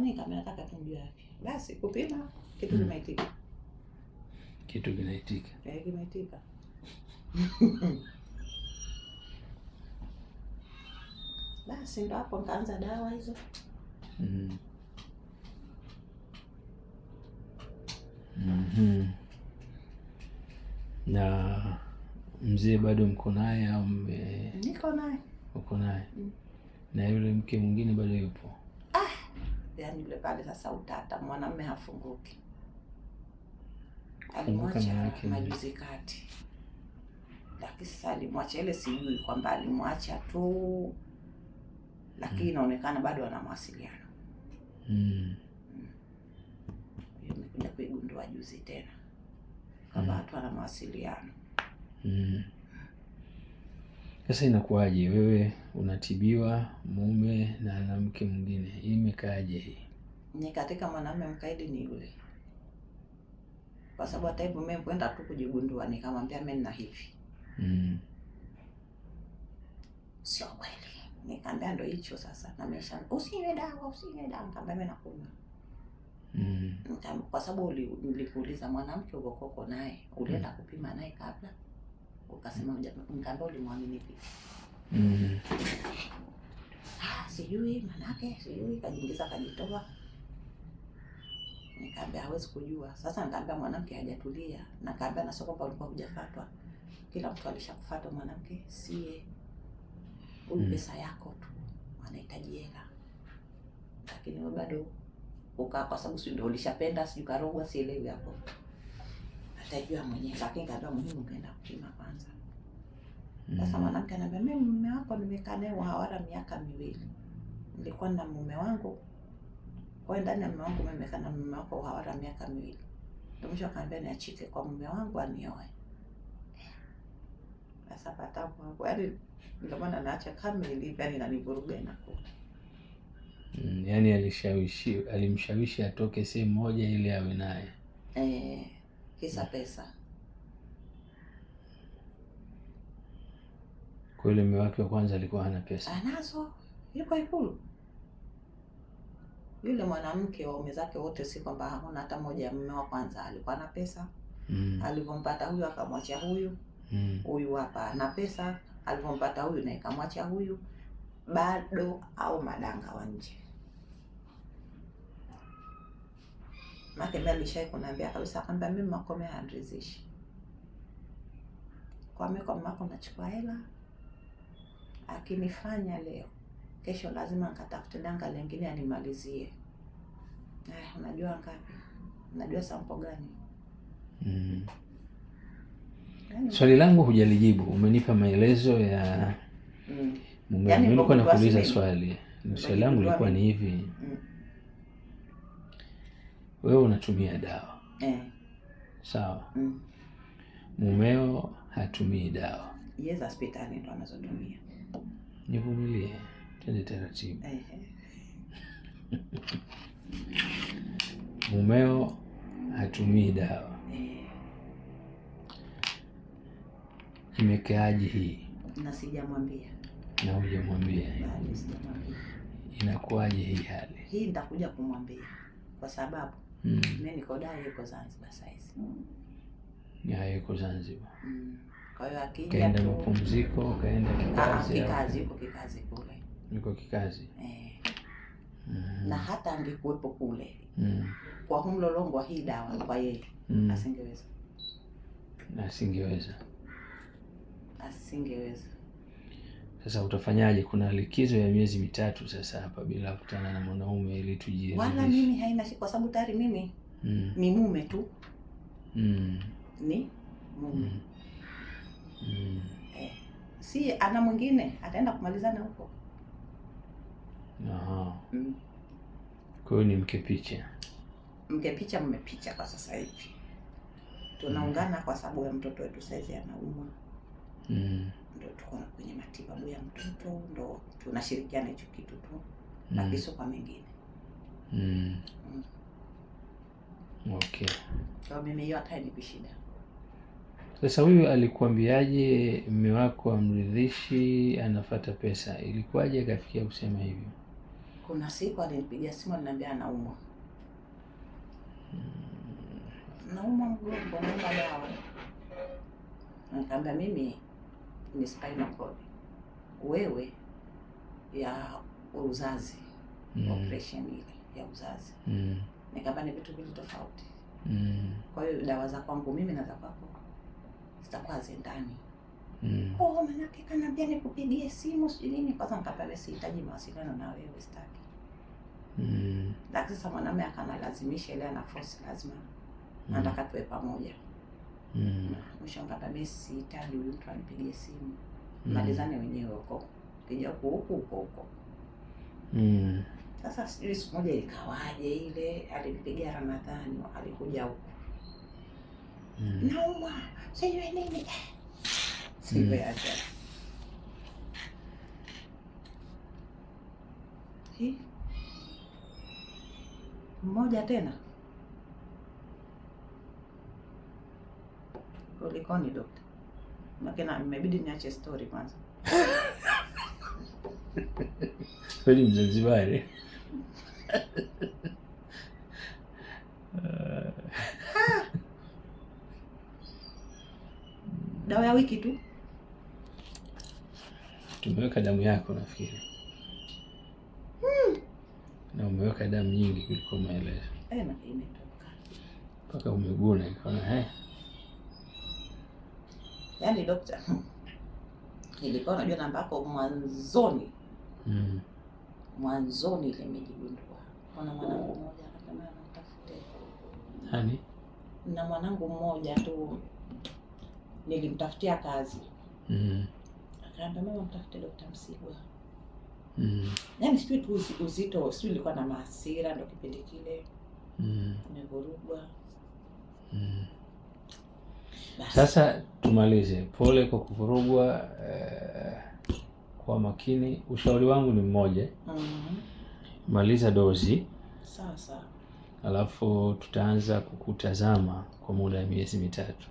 nini kama nataka tumjue afya, basi kupima kitu hmm. kinaitika kitu kinaitika eh, kinaitika basi ndo hapo nikaanza dawa hizo mm. mm -hmm. na mzee bado mko naye au uko naye mm. na yule mke mwingine bado yupo yani yule pale sasa utata, mwanamume hafunguki. Alimwacha majuzi kati, lakini sasa alimwacha ile, sijui kwamba alimwacha tu, lakini mm. inaonekana bado ana mawasiliano mm. Nimekuja kuigundua juzi tena hmm. kwamba hmm. watu ana mawasiliano mm. Sasa inakuwaje wewe unatibiwa mume na ana mke mwingine, hii imekaaje hii? Ni katika mwanamume mkaidi ni yule, kwa sababu hata hivyo mimi kwenda tu kujigundua, nikamwambia mimi nina hivi mm. Sio kweli, nikamwambia ndo hicho sasa, na mesha usinywe dawa, usinywe dawa, nikamwambia mimi nakunywa mm. Kwa sababu ulikuuliza mwanamke uko naye, ulienda kupima naye kabla ukasema nikaambia ulimwamini pia mm. Ah, sijui manake sijui, kajiingiza kajitoa. Nikaambia hawezi kujua. Sasa nikaambia mwanamke hajatulia, na kaambia na sio kwamba ulikuwa hujafatwa, kila mtu alishakufatwa mwanamke, sie huyu mm. pesa yako tu anahitaji hela, lakini bado ukaa, kwa sababu si ndio ulishapenda, sijui karogwa, sielewi hapo utajua mwenyewe, lakini kajua muhimu kaenda kupima kwanza. Mm. Sasa mwanamke anambia, mimi mume wako nimekaa naye hawara miaka miwili, nilikuwa na mume wangu kwa ndani ya mume wangu nimekaa na mume wako hawara miaka miwili, ndio mwisho akaambia niachike kwa mume wangu anioe. Sasa patapo hapo, yaani ndio maana naacha kama ilivyo, yani inanivuruga inakuwa Mm, yani alishawishi alimshawishi atoke sehemu moja ili awe naye eh kisa pesa. Kweli mume wake wa kwanza alikuwa hana pesa? Anazo, yuko Ikulu. Yule mwanamke wa ume zake wote, si kwamba hakuna hata mmoja ya mume wa kwanza alikuwa na pesa mm. Alivyompata huyu akamwacha huyu mm. huyu mm. Hapa ana pesa, alivyompata huyu na ikamwacha huyu, bado au madanga wa nje Maana mimi alishai kuniambia kabisa kwamba mimi makome handrizishi. Kwa mimi kwa mako nachukua hela. Akinifanya leo, kesho lazima nikatafute danga lingine animalizie. Eh, unajua ngapi? Unajua sampo gani? Mm. Yaani swali langu hujalijibu, umenipa maelezo ya mm. Mimi yaani nilikuwa nakuuliza swali. Swali langu lilikuwa ni hivi. Mm wewe unatumia dawa eh. Sawa mm. Mumeo hatumii dawa yes, hospitali ndo anazotumia. Nivumilie, twende taratibu eh. Mumeo hatumii dawa eh. Imekaaji hii na sijamwambia na hujamwambia, inakuwaje hii hali hii? Nitakuja kumwambia kwa sababu Mm. Mimi niko Dar, yuko Zanzibar sasa Ya yuko Zanzibar. Mm. Kwa hiyo akija kaenda mapumziko, kaenda ah, kikazi. kikazi yuko kikazi kule. Yuko kikazi. Eh. Mm. Na hata angekuwepo kule. Mm. Kwa huu mlolongo wa hii dawa kwa yeye mm. asingeweza. Asingeweza. Asingeweza. Sasa utafanyaje? Kuna likizo ya miezi mitatu sasa hapa bila kukutana na mwanaume ili tujie. Wala mimi haina kwa sababu tayari mimi mm. ni mume tu mm. ni mume mm. mm. Eh, si ana mwingine ataenda kumalizana huko. Aha. Mm. Kwa hiyo ni mke picha, mke picha, mume picha. Kwa sasa hivi hmm. tunaungana mm. kwa sababu ya mtoto wetu saizi anaumwa mm ndo tuko kwenye matibabu ya mtoto, ndo tunashirikiana hicho kitu tu na kiso mm. kwa mengine mm. Mm. Okay. Kwa mimi hiyo hata ni shida. Sasa huyu alikuambiaje mme wako amridhishi, anafata pesa? Ilikuwaje akafikia kusema hivyo? Kuna siku alinipigia simu aliniambia anaumwa mm. naumwa mgongo, naomba dawa. Nikaambia mimi ni spinal cord, wewe ya uzazi mm. operation ile ya uzazi mm. nikaba ni vitu vili tofauti mm. kwa hiyo dawa za kwangu mimi na za kwako zitakuwa zendani Mm. Oh, manake kanaambia nikupigie simu sijui nini. Kwanza nikapale sihitaji mawasiliano na wewe sitaki. Mm. Lakini sasa mwanamume akanalazimisha ile ana force lazima. Mm. Nataka tuwe pamoja mm. Nakumbusha mpaka sihitaji huyu mtu anipigie simu mm. Malizane wenyewe huko, kija huko huko huko mm. Sasa sijui siku moja ilikawaje, ile alinipigia Ramadhani, alikuja huko mm. Naumwa sijui nini eh. sikuacha mm. Eh. Mmoja tena Kulikoni dokta? Maana imebidi niache story kwanza. Kweli Mzanzibari. Dawa ya wiki tu tumeweka damu yako nafikiri, hmm. Na umeweka damu nyingi kuliko maelezo eh, mpaka umeguna ikaona eh, Yaani dokta, nilikuwa najua namba yako mwanzoni mm. Mwanzoni ile nimejigundua, kuna mwanangu mmoja akasema namtafute nani, na mwanangu mmoja tu nilimtafutia kazi mm. Akaambia mama, mtafute Dokta Msigwa mm. Yaani sijui tu uzito, sijui nilikuwa na maasira, ndo kipindi kile mm. Nimevurugwa mm. Sasa tumalize. Pole kwa kuvurugwa, eh, kwa makini. Ushauri wangu ni mmoja. mm -hmm. Maliza dozi sasa, alafu tutaanza kukutazama kwa muda wa miezi mitatu,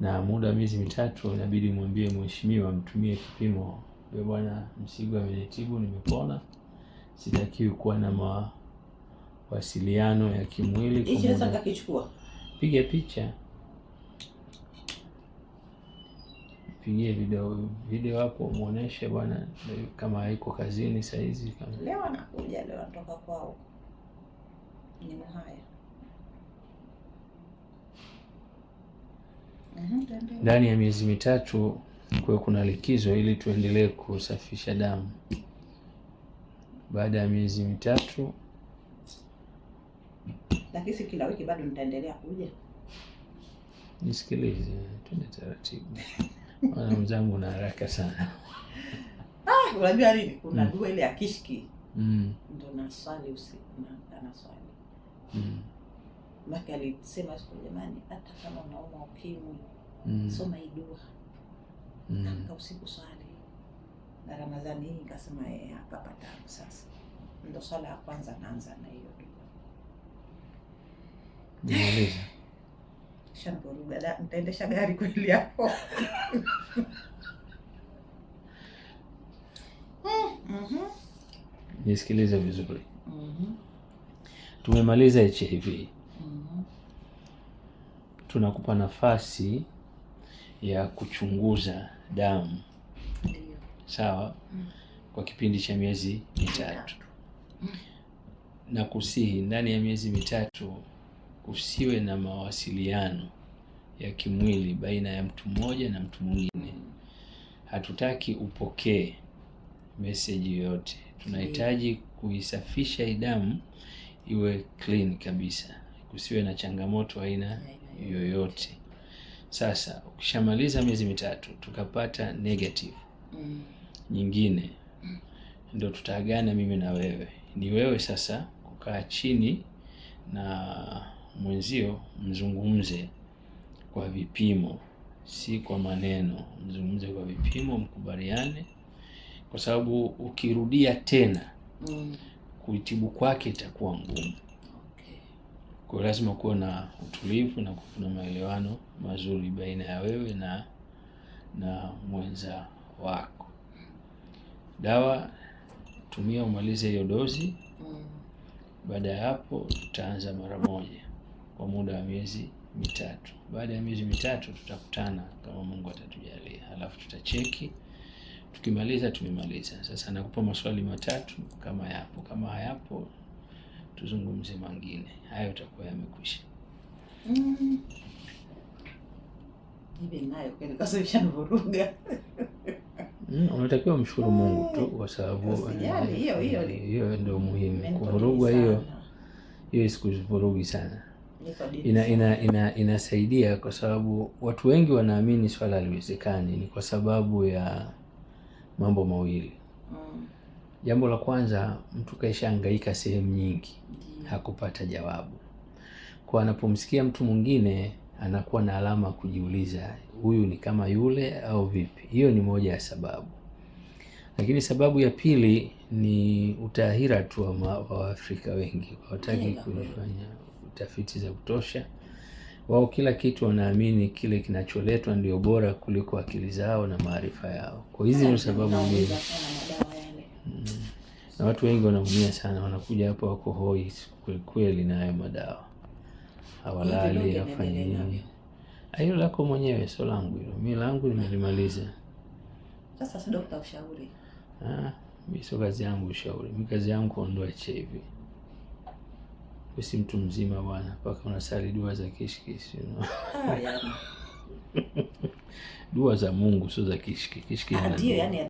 na muda wa miezi mitatu inabidi mwambie mheshimiwa, mtumie kipimo, e bwana, Msigwa amenitibu, nimepona, sitakiwi kuwa na mawasiliano ya kimwili. Piga picha mpigie video video hapo, muoneshe bwana, kama haiko kazini saa hizi. Kama leo anakuja, leo anatoka kwao ni Muhaya ndani ya miezi mitatu kwa kuna likizo, ili tuendelee kusafisha damu. Baada ya miezi mitatu, lakini kila wiki, bado nitaendelea kuja. Nisikilize, tuende taratibu. Mwanamzangu na haraka sana. Ah, unajua nini? Kuna mm. dua ile ya kishki mm. ndo naswali usiku na anaswali mm. Maka alisema siku jamani, hata kama unauma ukimwi mm. soma hii dua mm. Kamka usiku swali na Ramadhani hii nikasema eh, hapa sasa. Ndo swala ya kwanza naanza na hiyo dua. Shamburuga, nitaendesha gari kweli hapo? Mm, mm-hmm. Nisikilize vizuri. Mm-hmm. Tumemaliza HIV. Mm-hmm. Tunakupa nafasi ya kuchunguza damu. Ndiyo. Sawa? Mm. Kwa kipindi cha miezi mitatu. Mm. kusihi ndani ya miezi mitatu kusiwe na mawasiliano ya kimwili baina ya mtu mmoja na mtu mwingine. Hatutaki upokee meseji yoyote, tunahitaji kuisafisha idamu iwe clean kabisa, kusiwe na changamoto aina yoyote. Sasa ukishamaliza miezi mitatu tukapata negative mm. nyingine mm. ndo tutaagana mimi na wewe. Ni wewe sasa kukaa chini na mwenzio mzungumze kwa vipimo, si kwa maneno. Mzungumze kwa vipimo, mkubaliane, kwa sababu ukirudia tena mm. kuitibu kwake itakuwa ngumu. Kwa lazima kuwa na utulivu na kuna maelewano mazuri baina ya wewe na na mwenza wako. Dawa tumia umalize hiyo dozi. Mm. Baada ya hapo tutaanza mara moja kwa muda wa miezi mitatu. Baada ya miezi mitatu tutakutana kama Mungu atatujalia, halafu tutacheki. Tukimaliza tumemaliza. Sasa nakupa maswali matatu, kama yapo, kama hayapo tuzungumze mengine. Hayo utakuwa yamekwisha. Mm. Mm, unatakiwa umshukuru Mungu tu mm. kwa sababu eh, hiyo ndio muhimu. Kuvurugwa hiyo hiyo sikuvurugi sana ina, ina, ina, inasaidia kwa sababu watu wengi wanaamini swala haliwezekani, ni kwa sababu ya mambo mawili mm. Jambo la kwanza, mtu kaishaangaika sehemu nyingi mm. hakupata jawabu, kwa anapomsikia mtu mwingine anakuwa na alama kujiuliza, huyu ni kama yule au vipi? Hiyo ni moja ya sababu, lakini sababu ya pili ni utaahira tu wa Waafrika wengi hawataki kufanya tafiti za kutosha. Wao kila kitu wanaamini kile kinacholetwa ndio bora kuliko akili zao na maarifa yao. Kwa hizi ndio sababu nyingi na watu wengi wanaumia sana, wanakuja hapo wako hoi kweli na hayo madawa, hawalali hawafanyi nini. Ah, hilo lako mwenyewe, sio langu hilo. Mimi langu nimelimaliza. Sasa si daktari ushauri. Ah, mimi sio kazi yangu ushauri. Mimi kazi yangu kuondoa HIV si mtu mzima bwana, mpaka unasali dua za kishikisi you know? Ah, dua za Mungu sio za kishiki kishiki ah,